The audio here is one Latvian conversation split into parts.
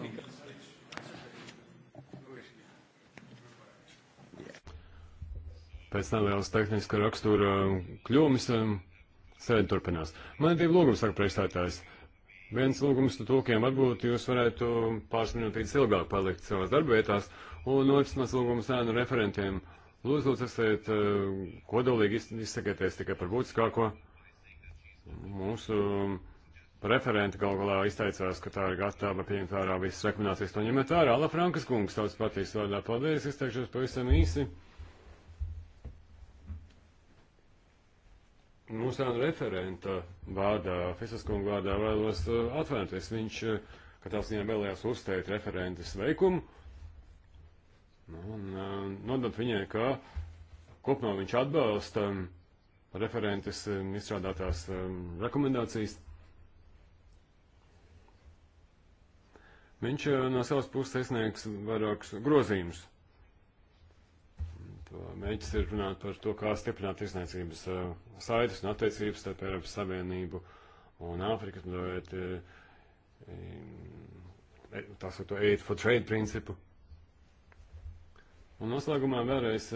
Commission. Pēc nelielas tehniska rakstura kļūmes um, sēde turpinās. Man ir divi lūgumi, saka priekšstādājs. Viens lūgums tūkiem varbūt jūs varētu pāris minūtītes ilgāk palikt savās darbietās, un otrs mans lūgums ēnu referentiem. Lūdzu, lūdzu, esiet uh, kodolīgi izsakieties tikai par būtiskāko. Mūsu um, referenti gal galā izteicās, ka tā ir gatava pieņemt vērā visas rekomendācijas, to ņemot vērā. Ala Frankas kungs, tautas partijas vārdā, paldies, izteikšos pavisam īsi. Mūsu ēna referenta vārdā, Fisas kunga vārdā vēlos uh, atvainoties. Viņš, uh, ka tās viņam vēlējās uzteikt referentes veikumu, nu, un uh, nodot viņai, ka kopumā viņš atbalsta referentes um, izstrādātās um, rekomendācijas. Viņš eh, no savas puses iesniegs vairākus grozījumus. Mēģis ir runāt par to, kā stiprināt tirsniecības eh, saites un attiecības starp Eiropas Savienību un Āfrikas, bet nu, tā eh, sakot, aid for trade principu. Un noslēgumā vēlreiz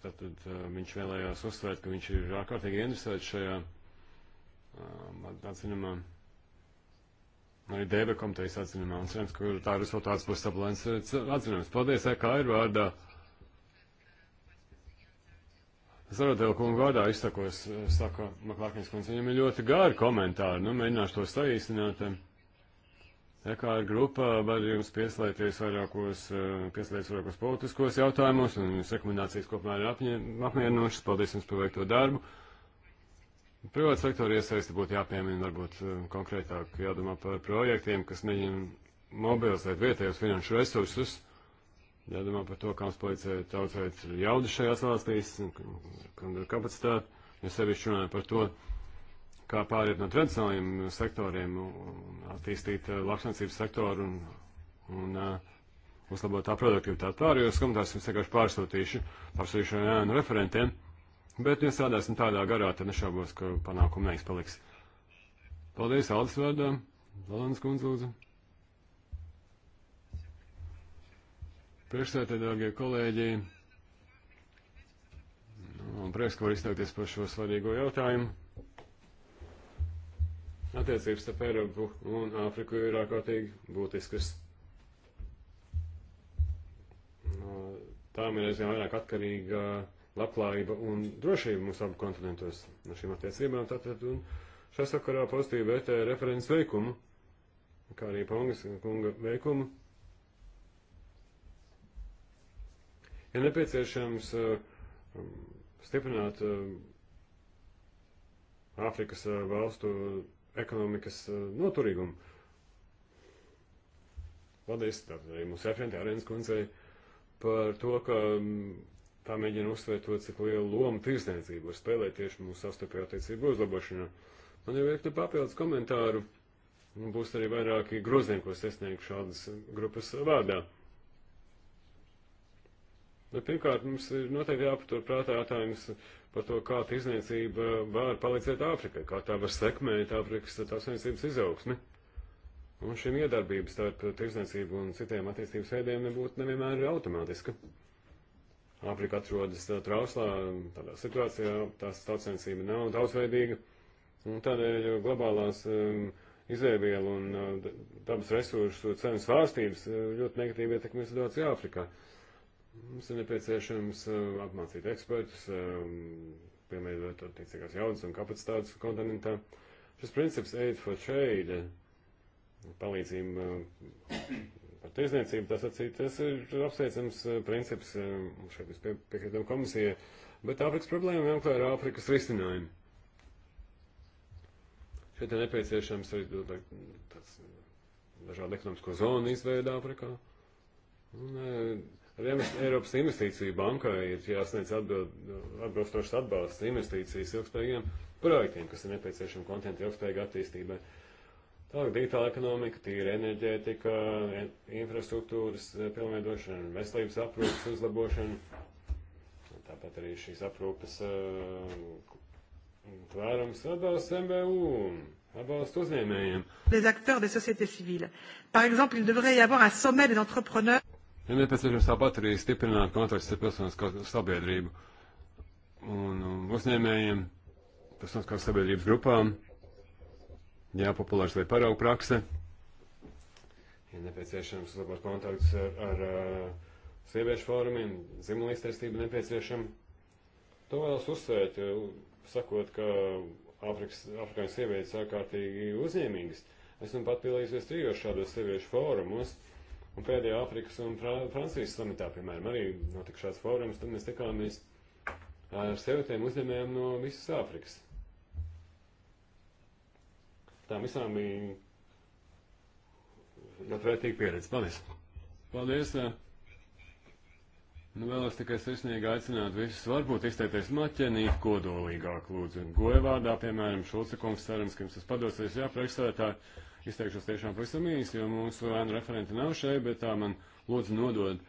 tātad, viņš vēlējās uzsvērt, ka viņš ir ārkārtīgi interesēts šajā atzinumā. Uh, Nu, arī Dēba komitejas atzinumā, un cerams, ka tā rezultāts būs stabilēns atzinums. Paldies, kā ir vārdā. Zaradēla kunga vārdā izsakos, saka Maklākins kungs, viņam ir ļoti gāri komentāri, nu, mēģināšu to saīsināt. EKR grupā var jums pieslēgties vairākos, pieslēgties vairākos politiskos jautājumos, un rekomendācijas kopumā ir apmierinošas. Paldies jums par veikto darbu. Privāta sektora iesaisti būtu jāpiemina, varbūt eh, konkrētāk jādomā par projektiem, kas mēģina mobilizēt vietējos finanšu resursus, jādomā par to, kā mums palīdzēt tautsveic jaudu šajās valstīs, kam ir kapacitāte, ja sevišķi runāju par to, kā pāriet no tradicionāliem sektoriem un attīstīt eh, lauksaimniecības sektoru un, un uh, uzlabot tā produktivitāti. Pārējos komentārus jums vienkārši pārsūtīšu, pārsūtīšu ēnu referentiem. Bet, ja strādāsim tādā garā, tad nešaubos, ka panākumu neizpaliks. Paldies, Aldis vārdā. Valānas kundze, lūdzu. Priekšsētē, dārgie kolēģi, nu, prieks, ka var izteikties par šo svarīgo jautājumu. Attiecības starp Eiropu un Āfriku ir ārkārtīgi būtiskas. No, tām ir aizvien vairāk atkarīga. Uh, labklājība un drošība mūsu abu kontinentos no šīm attiecībām. Tātad, un šajā sakarā pozitīvi vērtē referents veikumu, kā arī Pongas kunga veikumu. Ja nepieciešams uh, um, stiprināt uh, Āfrikas uh, valstu ekonomikas uh, noturīgumu, paldies tātad arī mūsu referentē Arēnas kundzei par to, ka um, tā mēģina uzsvērt to, cik lielu lomu tirsniecība var spēlēt tieši mūsu sastarpējā attiecību uzlabošanā. Man ir virkni papildus komentāru, un būs arī vairāki grozījumi, ko sasniegšu šādas grupas vārdā. Nu, pirmkārt, mums ir noteikti jāpatur prātā jautājums par to, kā tirsniecība var palīdzēt Āfrikai, kā tā var sekmēt Āfrikas tautsniecības izaugsmi. Un šī iedarbība starp tirsniecību un citiem attīstības veidiem nebūtu nevienmēr automātiska. Āfrika atrodas uh, trauslā, tādā situācijā tās tautsensība nav daudzveidīga, un tādēļ uh, globālās um, izēvielu un uh, dabas resursu cenu svārstības uh, ļoti negatīvi ietekmē situāciju Āfrikā. Mums ir nepieciešams uh, apmācīt ekspertus, um, piemērot attiecīgās jaudas un kapacitātes kontinentā. Šis princips aid for trade palīdzība uh, par tiesniecību, tas acīt, tas ir apsveicams eh, princips, eh, šeit mēs pie, piekritam komisijai, bet Āfrikas problēma jāmeklē ar Āfrikas risinājumu. Šeit ir nepieciešams arī nu, tāds eh, dažādu ekonomisko zonu izveida Āfrikā. Un, arī Eiropas investīciju bankai ir jāsniedz atbilstošs atbalsts investīcijas ilgspējīgiem projektiem, kas ir nepieciešami kontinentu ilgspējīgai attīstībai. Tālāk digitāla ekonomika, tīra enerģētika, e, infrastruktūras e, pilnveidošana, veselības aprūpas uzlabošana, tāpat arī šīs aprūpas e, tvērums atbalsts MBU atbalstu uzņēmējiem. Les acteurs des sociétés civiles. Par exemple, il devrait y avoir un sommet des entrepreneurs. Ir nepieciešams tāpat arī stiprināt kontaktus ar pilsoniskā sabiedrību un um, uzņēmējiem, pilsoniskās sabiedrības grupām jāpopulārs vai paraugu prakse. Ir nepieciešams labāk kontakts ar, ar, ar sieviešu fórumiem, dzimumlīstiestība nepieciešama. To vēlas uzsvērt, sakot, ka Afrikas, afrikāņu sievietes ārkārtīgi uzņēmīgas. Esmu pat piedalījusies trijos šādos sieviešu fórumos, un pēdējā Afrikas un Fra Francijas samitā, piemēram, arī notika šāds fórums, tad mēs tikāmies ar sievietēm uzņēmējām no visas Āfrikas tām visām ir ļoti vērtīga pieredze. Paldies! Paldies! Nu, vēlos tikai sirsnīgi aicināt visus, varbūt izteikties maķenīgi, kodolīgāk, lūdzu. Gojevārdā, piemēram, Šulcekums, cerams, ka jums tas padosies, jā, priekšsētāji, izteikšos tiešām pavisam īsi, jo mūsu ēnu referenti nav šeit, bet tā man lūdzu nodod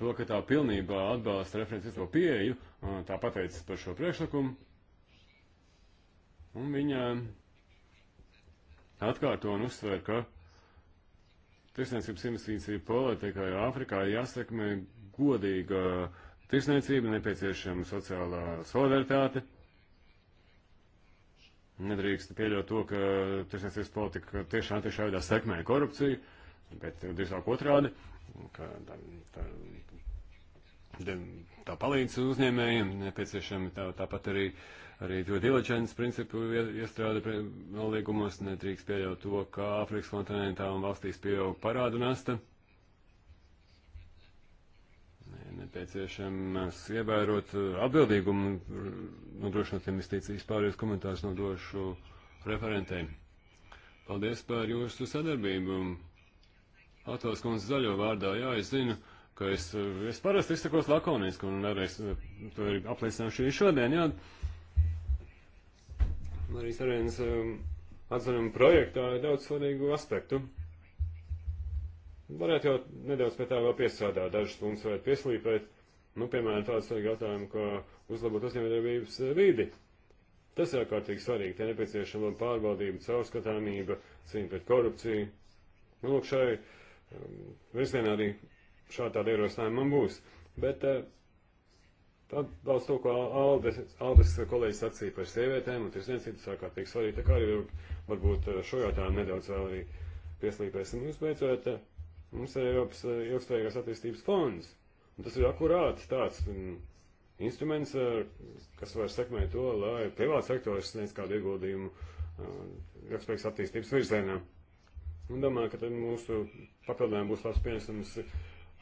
to, ka tā pilnībā atbalsta referents to pieeju, tā pateicis par šo priekšlikumu. Un viņa atkārto un uzsver, ka tirsniecības investīcija politikai Āfrikā jāsakmē godīga tirsniecība, nepieciešama sociālā solidaritāte. Nedrīkst pieļaut to, ka tirsniecības politika tiešām tiešā veidā sekmē korupciju, bet drīzāk otrādi, ka tā, tā tā palīdz uzņēmējiem, nepieciešami tā, tāpat arī, arī due diligence principu iestrāde nolīgumos, nedrīkst pieļaut to, ka Āfrikas kontinentā un valstīs pieaug parādu nasta. Nepieciešams ievērot atbildīgumu, nodrošinot investīcijas pārējais komentārs nodošu referentēm. Paldies par jūsu sadarbību. Atvās kundze zaļo vārdā, jā, es zinu. Uh, ka es, es parasti izsakos lakoniski un vēlreiz eh, to ir apliecināšu arī šodien, jā. Arī Sarēnas ehm, atzinuma projektā ir daudz svarīgu aspektu. Varētu jau nedaudz pie tā vēl piesādāt, dažas punktus varētu pieslīpēt. Nu, piemēram, tāds svarīgi jautājumi, kā uzlabot uzņēmējdarbības vidi. Tas ir ārkārtīgi svarīgi. Te nepieciešama laba pārvaldība, caurskatāmība, cīņa pret korupciju. Nu, lūk, šai um, virzienā arī šādi tādi ierosinājumi man būs. Bet eh, tad daudz to, ko Aldes, Aldes kolēģis sacīja par sievietēm un tirsniecību, sākārtīgi svarīgi, tā kā arī varbūt eh, šo jautājumu nedaudz vēl arī pieslīpēsim. Jūs beidzot, eh, mums ir Eiropas ilgspējīgās attīstības fonds. Un tas ir akurāts tāds mm, instruments, kas var sekmēt to, lai privāts sektors sniedz kādu ieguldījumu ilgspējīgas attīstības virzienā. Un domāju, ka tad mūsu papildinājumi būs labs pienesums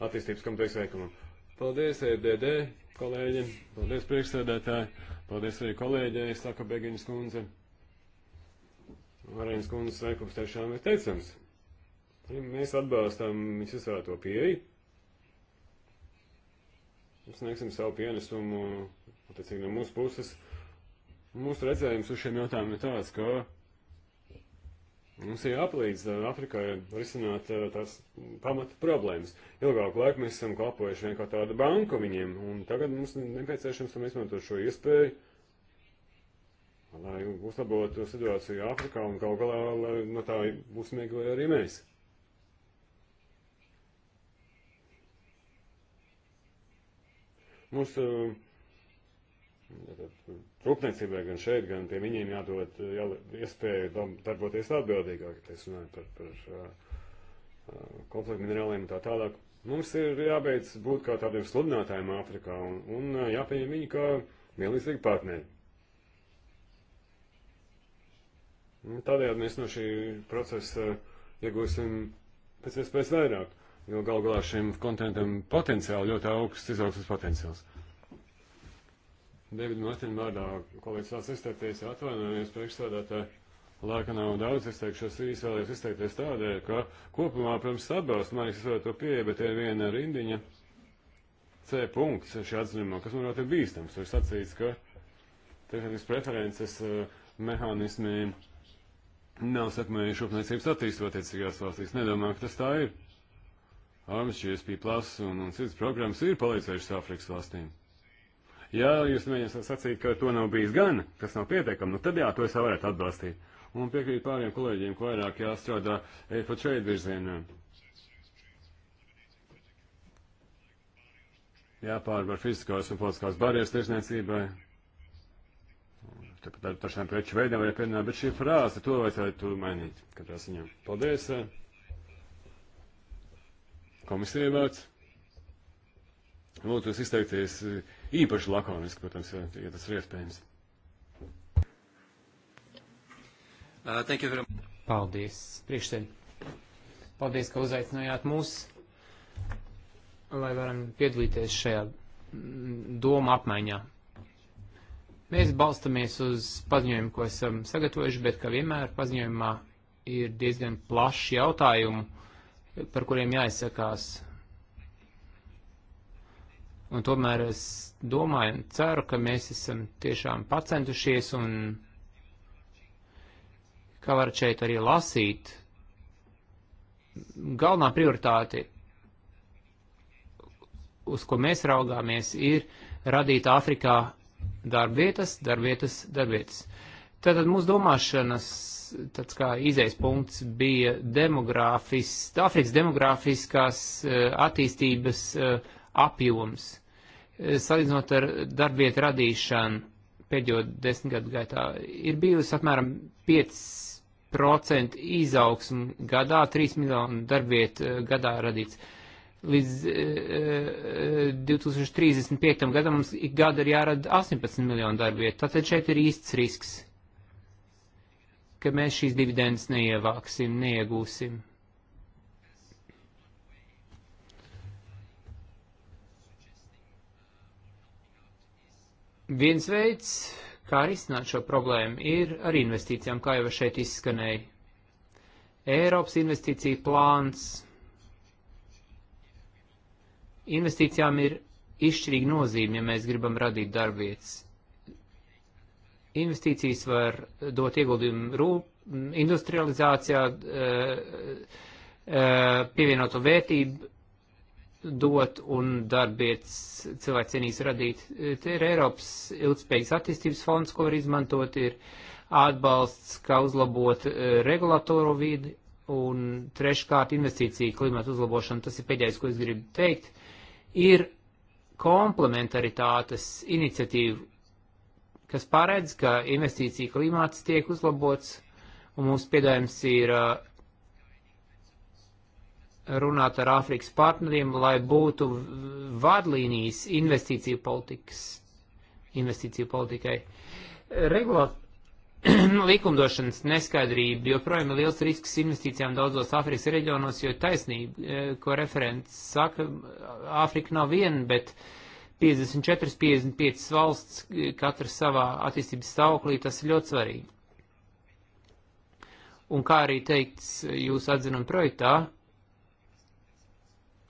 attīstības komitejas veikumam. Paldies, EDD kolēģi, paldies priekšsēdētāji, paldies arī kolēģei, saka Begiņas kundze. Varēnas kundzes veikums tiešām ir teicams. Mēs atbalstām viņas uzsvērto pieeju. Mēs sniegsim savu pienesumu, attiecīgi no mūsu puses. Mūsu redzējums uz šiem jautājumiem ir tāds, ka Mums ir jāpalīdz Afrikai eh, risināt eh, tās pamata problēmas. Ilgāku laiku mēs esam kalpojuši vienkār tādu banku viņiem, un tagad mums nepieciešams tam izmantot šo iespēju, lai uzlabotu situāciju Afrikā, un kaut galā, lai no tā būs mieglai arī mēs. Mums uh, rūpniecībai gan šeit, gan pie viņiem jādod jā, iespēju darboties atbildīgāk, ja mēs runājam par, par uh, uh, konfliktu minerāliem un tā tālāk. Mums ir jābeidz būt kā tādiem sludinātājiem Āfrikā un, un uh, jāpieņem viņi kā vienlīdzīgi partneri. Tādējādi mēs no šī procesa iegūsim pēc iespējas vairāk, jo gal galā šim kontinentam potenciāli ļoti augsts izaugsmas potenciāls. Davida Mārtiņa vārdā kolēģis vēlas izteikties, atvainojos priekšsādātāji. Laika nav daudz izteikšos, īsi vēlējos izteikties tādēļ, ka kopumā, protams, atbalstu man ir to pieeja, bet ir viena rindiņa C punkts šī atzinumā, kas man ļoti ir bīstams. Tur ir sacīts, ka tehnikas preferences eh, mehānismi nav sekmējuši rūpniecības attīstību attiecīgās valstīs. Nedomāju, ka tas tā ir. Armas, GSP plus un, un citas programmas ir palīdzējušas Āfrikas valstīm. Ja jūs mēģināt sacīt, ka to nav bijis gana, kas nav pietiekami, nu tad jā, to es varētu atbalstīt. Un piekrīt pāriem kolēģiem, ka vairāk jāstrādā eh, pa trade virzienā. Jāpārvar fiziskās un politiskās barjeras tirsniecībai. Tāpat ar pašām preču veidiem var pieminēt, bet šī frāze to vajadzētu mainīt. Katrā ziņā. Paldies. Eh. Komisija vārds. Lūdzu, jūs izteikties eh, īpaši lakoniski, protams, ja, ja tas ir iespējams. Uh, thank you very much. Paldies, priekšsēd. Paldies, ka uzaicinājāt mūs, lai varam piedalīties šajā mm, doma apmaiņā. Mēs balstamies uz paziņojumu, ko esam sagatavojuši, bet kā vienmēr paziņojumā ir diezgan plaši jautājumu, par kuriem jāizsakās Un tomēr es domāju un ceru, ka mēs esam tiešām pacentušies un, kā var šeit arī lasīt, galvenā prioritāte, uz ko mēs raugāmies, ir radīt Āfrikā darbvietas, darbvietas, darbvietas. Tātad mūsu domāšanas tāds kā izējas punkts bija demogrāfis, Āfrikas demogrāfiskās eh, attīstības uh, apjoms, eh, salīdzinot ar darbvietu radīšanu pēdējo desmitgadu gaitā, ir bijusi apmēram 5% izaugsmu gadā, 3 miljonu darbvietu eh, gadā radīts. Līdz e, eh, 2035. gadam mums ik gada ir jārada 18 miljonu darbvietu. Tātad šeit ir īsts risks, ka mēs šīs dividendes neievāksim, neiegūsim. Viens veids, kā risināt šo problēmu, ir ar investīcijām, kā jau šeit izskanēja. Eiropas investīcija plāns investīcijām ir izšķirīga nozīme, ja mēs gribam radīt darbvietas. Investīcijas var dot ieguldījumu rūp, industrializācijā, eh, eh, pievienoto vērtību dot un darbietas cilvēcienīs radīt. E, Te ir Eiropas ilgspējas attīstības fonds, ko var izmantot, ir atbalsts, kā uzlabot e, regulatoru vidi, un treškārt investīcija klimata uzlabošana, tas ir pēdējais, ko es gribu teikt, ir komplementaritātes iniciatīva, kas paredz, ka investīcija klimāts tiek uzlabots, un mūsu piedājums ir uh, runāt ar Āfrikas partneriem, lai būtu vadlīnijas investīciju politikas, investīciju politikai. Regulā likumdošanas neskaidrība joprojām ir liels risks investīcijām daudzos Āfrikas reģionos, jo taisnība, e, ko referents saka, Āfrika nav viena, bet 54, 55 valsts, e, katra savā attīstības stāvoklī, tas ir ļoti svarīgi. Un kā arī teikts jūsu atzinuma projektā,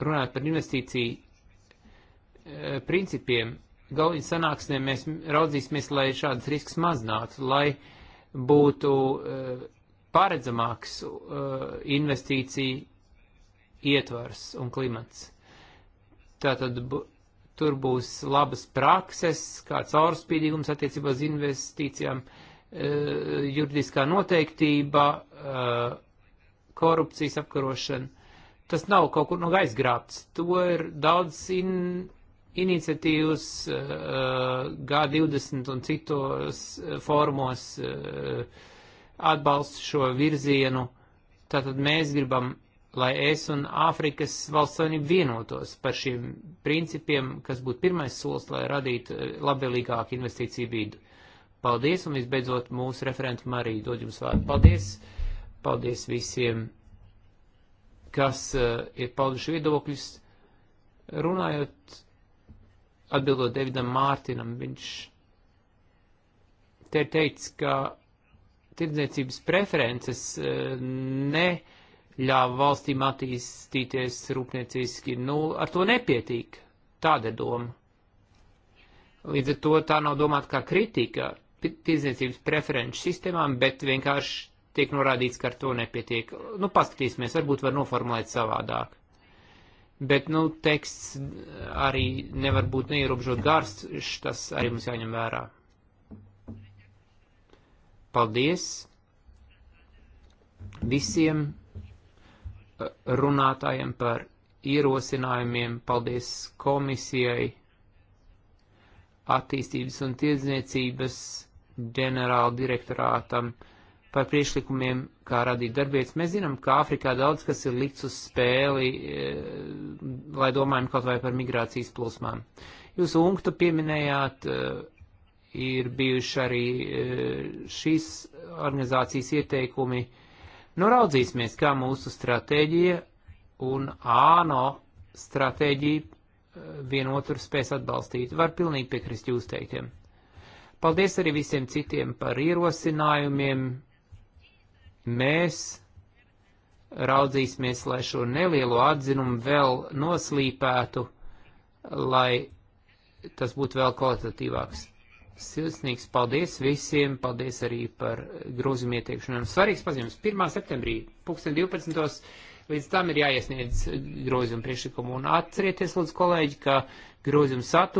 runāt par investīciju eh, principiem, galviņu sanāksnē mēs raudzīsimies, lai šādas risks mazinātu, lai būtu eh, paredzamāks eh, investīciju ietvars un klimats. Tātad tur būs labas prakses, kā caurspīdīgums attiecībā uz investīcijām, juridiskā noteiktība, korupcijas apkarošana Tas nav kaut kur no gaisa grābts. To ir daudz in, iniciatīvas uh, G20 un citos eh, formos uh, eh, atbalsta šo virzienu. Tātad mēs gribam, lai es un Āfrikas valsts savienība vienotos par šiem principiem, kas būtu pirmais solis, lai radītu labvēlīgāku investīciju vidu. Paldies, un visbeidzot mūsu referentu Mariju dod jums vārdu. Paldies, paldies visiem! kas uh, ir pauduši viedokļus, runājot, atbildot Davidam Mārtinam, viņš te ir teicis, ka tirdzniecības preferences uh, eh, ne ļāva valstīm attīstīties rūpnieciski, nu, ar to nepietīk. Tāda doma. Līdz ar to tā nav domāta kā kritika tirdzniecības preferenču sistēmām, bet vienkārši tiek norādīts, ka ar to nepietiek. Nu, paskatīsimies, varbūt var noformulēt savādāk. Bet, nu, teksts arī nevar būt neierobežot gars, tas arī mums jāņem vērā. Paldies visiem uh, runātājiem par ierosinājumiem, paldies komisijai, attīstības un tiedzniecības ģenerāla direktorātam par priešlikumiem, kā radīt darbietas. Mēs zinām, ka Āfrikā daudz kas ir likts uz spēli, eh, lai domājam kaut vai par migrācijas plūsmām. Jūs UNKTU pieminējāt, eh, ir bijuši arī eh, šīs organizācijas ieteikumi. Nu, raudzīsimies, kā mūsu stratēģija un āno stratēģija vienotru spēs atbalstīt. Var pilnīgi piekrist jūs teiktiem. Paldies arī visiem citiem par ierosinājumiem, Mēs raudzīsimies, lai šo nelielo atzinumu vēl noslīpētu, lai tas būtu vēl kvalitatīvāks. Sirsnīgs paldies visiem, paldies arī par grozījumu ieteikšanām. Svarīgs paziņojums 1. septembrī 2012. līdz tam ir jāiesniedz grozījumu priekšlikumu un atcerieties, lūdzu, kolēģi, ka grozījumu satura.